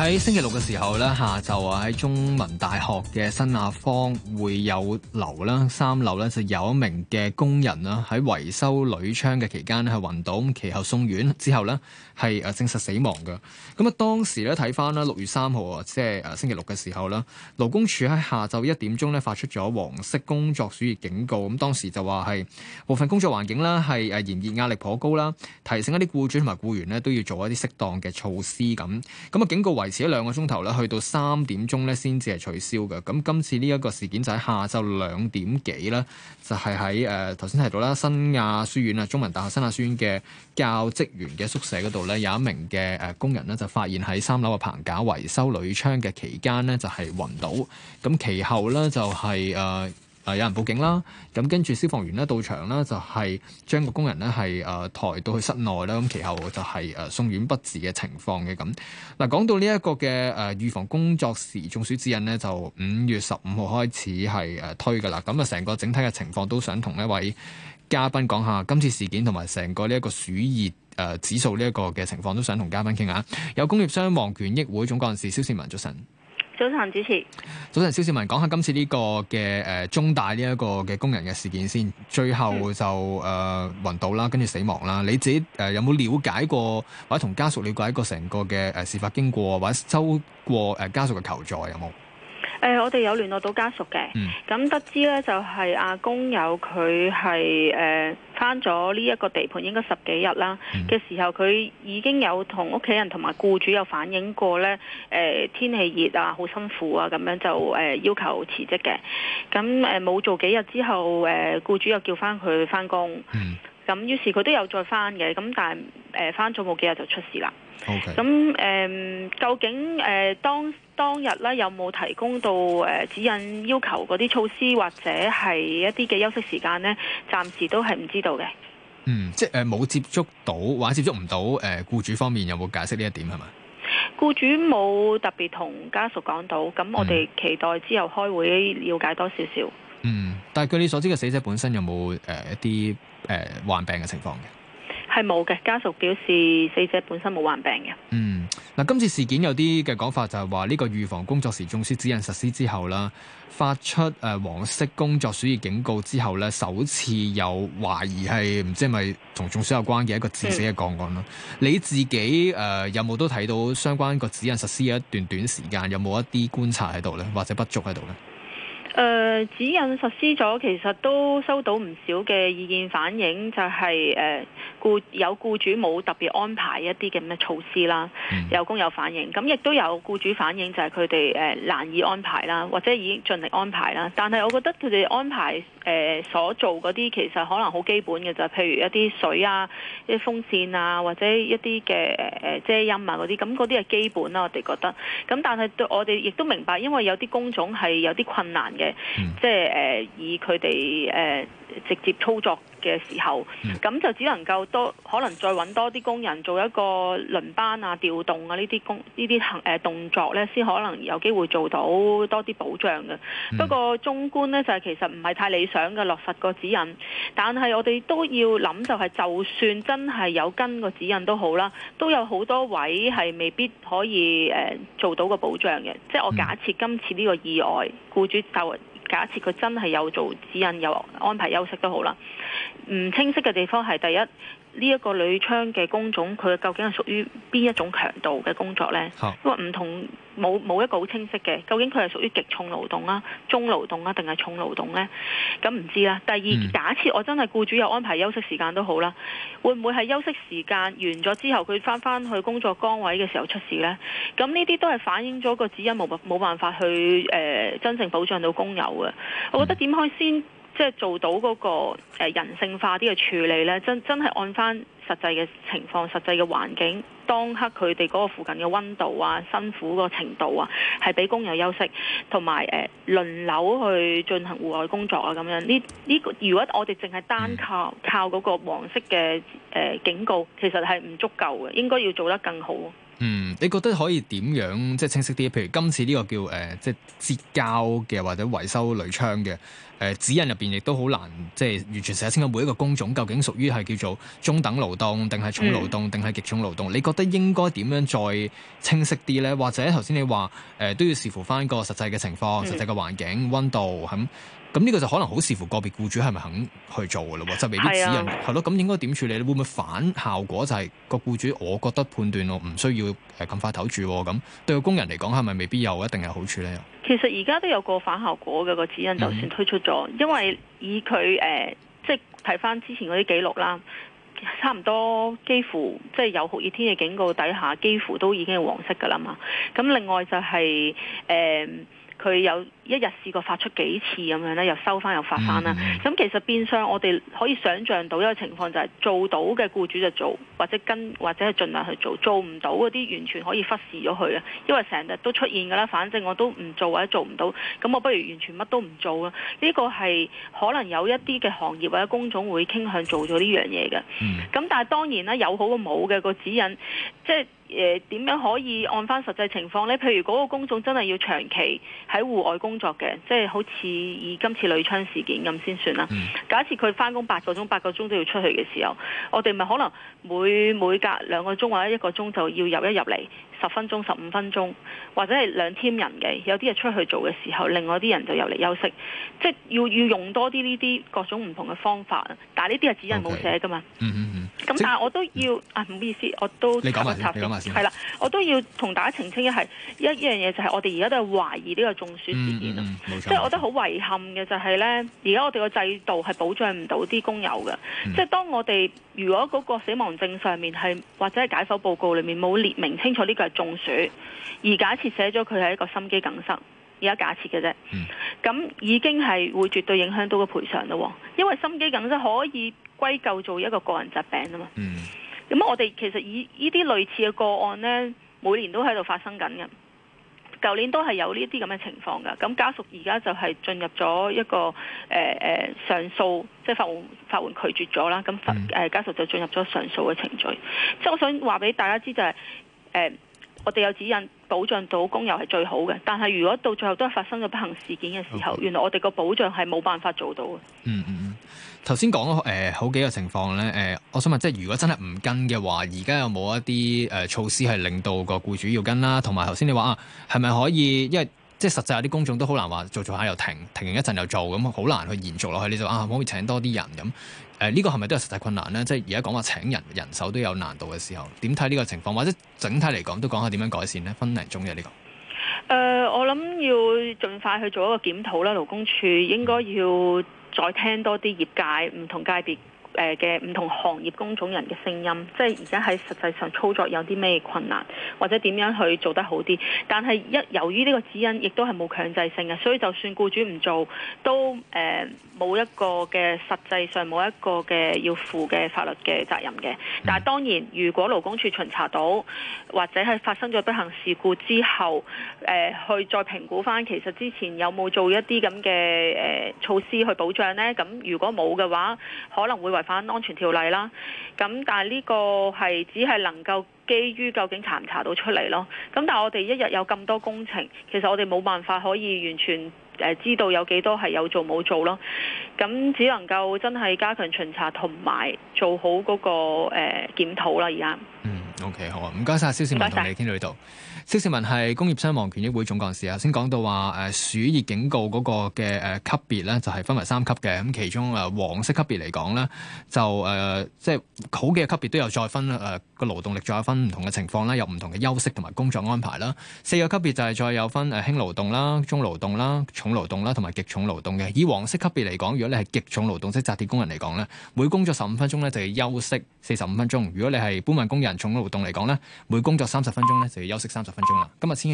喺星期六嘅時候咧，下晝啊喺中文大學嘅新亞方會有樓啦，三樓咧就有一名嘅工人啦，喺維修鋁窗嘅期間咧係暈倒，咁其後送院之後呢，係誒證實死亡嘅。咁啊當時咧睇翻啦，六月三號啊，即係誒星期六嘅時候啦，勞工處喺下晝一點鐘咧發出咗黃色工作暑熱警告，咁當時就話係部分工作環境咧係誒炎熱壓力頗高啦，提醒一啲僱主同埋僱員呢都要做一啲適當嘅措施咁。咁啊警告為遲咗兩個鐘頭啦，去到三點鐘咧，先至係取消嘅。咁今次呢一個事件就喺下晝兩點幾咧，就係喺誒頭先提到啦，新亞書院啊，中文大學新亞書院嘅教職員嘅宿舍嗰度咧，有一名嘅誒、呃、工人咧，就發現喺三樓嘅棚架維修鋁窗嘅期間咧，就係、是、暈倒。咁其後咧就係、是、誒。呃誒有人報警啦，咁跟住消防員咧到場咧，就係將個工人呢係誒抬到去室內啦。咁其後就係誒送院不治嘅情況嘅咁。嗱，講到呢一個嘅誒預防工作時中暑指引呢就五月十五號開始係誒推噶啦。咁啊，成個整體嘅情況都想同一位嘉賓講下今次事件同埋成個呢一個暑熱誒指數呢一個嘅情況，都想同嘉賓傾下。有工業傷亡權益會總幹事蕭倩文，早晨。早晨，主持早晨，蕭倩文講下今次呢個嘅誒、呃、中大呢一個嘅工人嘅事件先，最後就誒暈倒啦，跟住死亡啦。你自己誒、呃、有冇了解過，或者同家屬了解過成個嘅誒、呃、事發經過，或者收過誒、呃、家屬嘅求助有冇？誒、呃，我哋有聯絡到家屬嘅，咁、嗯、得知呢就係、是、阿工友佢係誒返咗呢一個地盤應該十幾日啦嘅、嗯、時候，佢已經有同屋企人同埋僱主有反映過呢誒、呃、天氣熱啊，好辛苦啊，咁樣就誒、呃、要求辭職嘅，咁誒冇做幾日之後，誒、呃、僱主又叫返佢返工。嗯。咁於是佢都有再返嘅，咁但係誒返咗冇幾日就出事啦。咁誒 Okay。咁、呃、究竟誒、呃、當當日咧有冇提供到誒指引要求嗰啲措施，或者係一啲嘅休息時間咧？暫時都係唔知道嘅。嗯，即係誒冇接觸到，或者接觸唔到誒僱主方面有冇解釋呢一點係咪？僱主冇特別同家屬講到，咁我哋期待之後開會了解多少少。嗯但係據你所知嘅，死者本身有冇誒、呃、一啲誒、呃、患病嘅情況嘅？係冇嘅，家屬表示死者本身冇患病嘅。嗯，嗱，今次事件有啲嘅講法就係話呢個預防工作時中暑指引實施之後啦，發出誒、呃、黃色工作暑熱警告之後咧，首次有懷疑係唔知係咪同中暑有關嘅一個致死嘅個案咯。嗯、你自己誒、呃、有冇都睇到相關個指引實施嘅一段短時間，有冇一啲觀察喺度咧，或者不足喺度咧？誒、呃、指引實施咗，其實都收到唔少嘅意見反映，就係、是、誒、呃、僱有僱主冇特別安排一啲嘅措施啦，有工友反映，咁亦都有僱主反映就係佢哋誒難以安排啦，或者已經盡力安排啦，但係我覺得佢哋安排。誒所做嗰啲其實可能好基本嘅就，譬如一啲水啊、一啲風扇啊，或者一啲嘅誒誒遮陰啊嗰啲，咁嗰啲係基本啦，我哋覺得。咁但係對我哋亦都明白，因為有啲工種係有啲困難嘅，mm. 即係誒、呃、以佢哋誒。呃直接操作嘅時候，咁、mm. 就只能夠多可能再揾多啲工人做一個輪班啊、調動啊呢啲工呢啲行誒動作咧，先可能有機會做到多啲保障嘅。Mm. 不過中觀咧就係、是、其實唔係太理想嘅落實個指引，但係我哋都要諗、就是，就係就算真係有跟個指引都好啦，都有好多位係未必可以誒、呃、做到個保障嘅。即係我假設今次呢個意外，僱主就。假設佢真係有做指引，有安排休息都好啦。唔清晰嘅地方係第一，呢、這、一個女槍嘅工種，佢究竟係屬於邊一種強度嘅工作呢？因為唔同冇冇一個好清晰嘅，究竟佢係屬於極重勞動啊、中勞動啊定係重勞動呢？咁唔知啦。第二，mm. 假設我真係僱主有安排休息時間都好啦，會唔會係休息時間完咗之後，佢翻返去工作崗位嘅時候出事呢？咁呢啲都係反映咗個指引冇冇辦法去誒、呃、真正保障到工友嘅。我覺得點開先。即係做到嗰個人性化啲嘅處理呢，真真係按翻實際嘅情況、實際嘅環境，當刻佢哋嗰個附近嘅溫度啊、辛苦個程度啊，係俾工人休息，同埋誒輪流去進行戶外工作啊，咁樣呢呢、呢個如果我哋淨係單靠靠嗰個黃色嘅誒、呃、警告，其實係唔足夠嘅，應該要做得更好。嗯，你覺得可以點樣即係清晰啲？譬如今次呢個叫誒、呃，即係折交嘅或者維修鋁窗嘅誒、呃、指引入邊，亦都好難即係完全寫清楚每一個工種究竟屬於係叫做中等勞動、定係重勞動、定係極重勞動？你覺得應該點樣再清晰啲呢？或者頭先你話誒、呃、都要視乎翻個實際嘅情況、實際嘅環境、溫度咁。嗯。咁呢個就可能好視乎個別僱主係咪肯去做嘅咯，就未必指引係咯。咁、啊、應該點處理咧？會唔會反效果就係個僱主，我覺得判斷我唔需要誒咁快投住，咁、呃、對個工人嚟講係咪未必有一定嘅好處呢？其實而家都有個反效果嘅、個指引，就算推出咗，嗯、因為以佢誒、呃、即係睇翻之前嗰啲記錄啦，差唔多幾乎即係有酷熱天氣警告底下，幾乎都已經係黃色噶啦嘛。咁另外就係、是、誒。呃佢有一日試過發出幾次咁樣咧，又收返又發返啦。咁、mm hmm. 其實變相我哋可以想像到一個情況就係、是、做到嘅僱主就做，或者跟或者係儘量去做。做唔到嗰啲完全可以忽視咗佢啊，因為成日都出現㗎啦。反正我都唔做或者做唔到，咁我不如完全乜都唔做啊。呢個係可能有一啲嘅行業或者工種會傾向做咗呢樣嘢嘅。咁、mm hmm. 但係當然啦，有好過冇嘅個指引，即係。誒點、呃、樣可以按返實際情況咧？譬如嗰個工種真係要長期喺戶外工作嘅，即係好似以今次女槍事件咁先算啦。假設佢返工八個鐘，八個鐘都要出去嘅時候，我哋咪可能每每隔兩個鐘或者一個鐘就要入一入嚟。十分鐘、十五分鐘，或者係兩 team 人嘅，有啲係出去做嘅時候，另外啲人就入嚟休息，即係要要用多啲呢啲各種唔同嘅方法。但係呢啲係指引冇寫噶嘛。咁但係我都要、嗯、啊，唔好意思，我都你講埋先，你講埋先。係啦，我都要同大家澄清一係一樣嘢，就係我哋而家都係懷疑呢個中暑事件、嗯嗯嗯、即係我覺得好遺憾嘅就係呢：而家我哋個制度係保障唔到啲工友嘅。嗯嗯、即係當我哋如果嗰個死亡證上面係或者係解剖報告裡面冇列明清楚呢個。中暑，而假設寫咗佢係一個心肌梗塞，而家假設嘅啫，咁、嗯、已經係會絕對影響到個賠償咯，因為心肌梗塞可以歸咎做一個個人疾病啊嘛。咁、嗯、我哋其實以呢啲類似嘅個案呢，每年都喺度發生緊嘅，舊年都係有呢啲咁嘅情況噶。咁家屬而家就係進入咗一個誒誒、呃、上訴，即係法援法援拒絕咗啦，咁誒、嗯呃、家屬就進入咗上訴嘅程序。即係我想話俾大家知就係、是、誒。呃呃呃我哋有指引保障到工友係最好嘅，但係如果到最後都係發生咗不幸事件嘅時候，Okay. 原來我哋個保障係冇辦法做到嘅、嗯。嗯嗯嗯，頭先講誒，好幾個情況咧，誒、呃，我想問，即係如果真係唔跟嘅話，而家有冇一啲誒、呃、措施係令到個僱主要跟啦？同埋頭先你話啊，係咪可以因為？即係實際有啲工種都好難話做做下又停停停一陣又做咁，好難去延續落去。你就啊，可唔可以請多啲人咁？誒、呢、呃這個係咪都係實際困難呢？即係而家講話請人人手都有難度嘅時候，點睇呢個情況？或者整體嚟講都講下點樣改善呢？分零鐘嘅呢個。誒、呃，我諗要盡快去做一個檢討啦。勞工處應該要再聽多啲業界唔同界別。誒嘅唔同行業工種人嘅聲音，即係而家喺實際上操作有啲咩困難，或者點樣去做得好啲？但係一由於呢個指引亦都係冇強制性嘅，所以就算僱主唔做，都誒冇、呃、一個嘅實際上冇一個嘅要負嘅法律嘅責任嘅。但係當然，如果勞工處巡查到，或者係發生咗不幸事故之後誒、呃、去再評估翻，其實之前有冇做一啲咁嘅誒措施去保障咧？咁如果冇嘅話可能會違法，反安全條例啦，咁但係呢個係只係能夠基於究竟查唔查到出嚟咯，咁但係我哋一日有咁多工程，其實我哋冇辦法可以完全誒知道有幾多係有做冇做咯，咁只能夠真係加強巡查同埋做好嗰個誒檢討啦，而家。嗯 OK，好啊，唔該晒，蕭倩謝文，同你傾到呢度。蕭倩文係工業傷亡權益會總幹事啊。先講到話誒暑熱警告嗰個嘅誒、呃、級別咧，就係分為三級嘅。咁其中誒、呃、黃色級別嚟講咧，就誒即係好嘅級別都有再分誒。呃個勞動力再有分唔同嘅情況啦，有唔同嘅休息同埋工作安排啦。四個級別就係再有分誒輕勞動啦、中勞動啦、重勞動啦同埋極重勞動嘅。以黃色級別嚟講，如果你係極重勞動，即係紮鐵工人嚟講咧，每工作十五分鐘咧就要休息四十五分鐘。如果你係搬運工人、重勞動嚟講咧，每工作三十分鐘咧就要休息三十分鐘啦。今日先。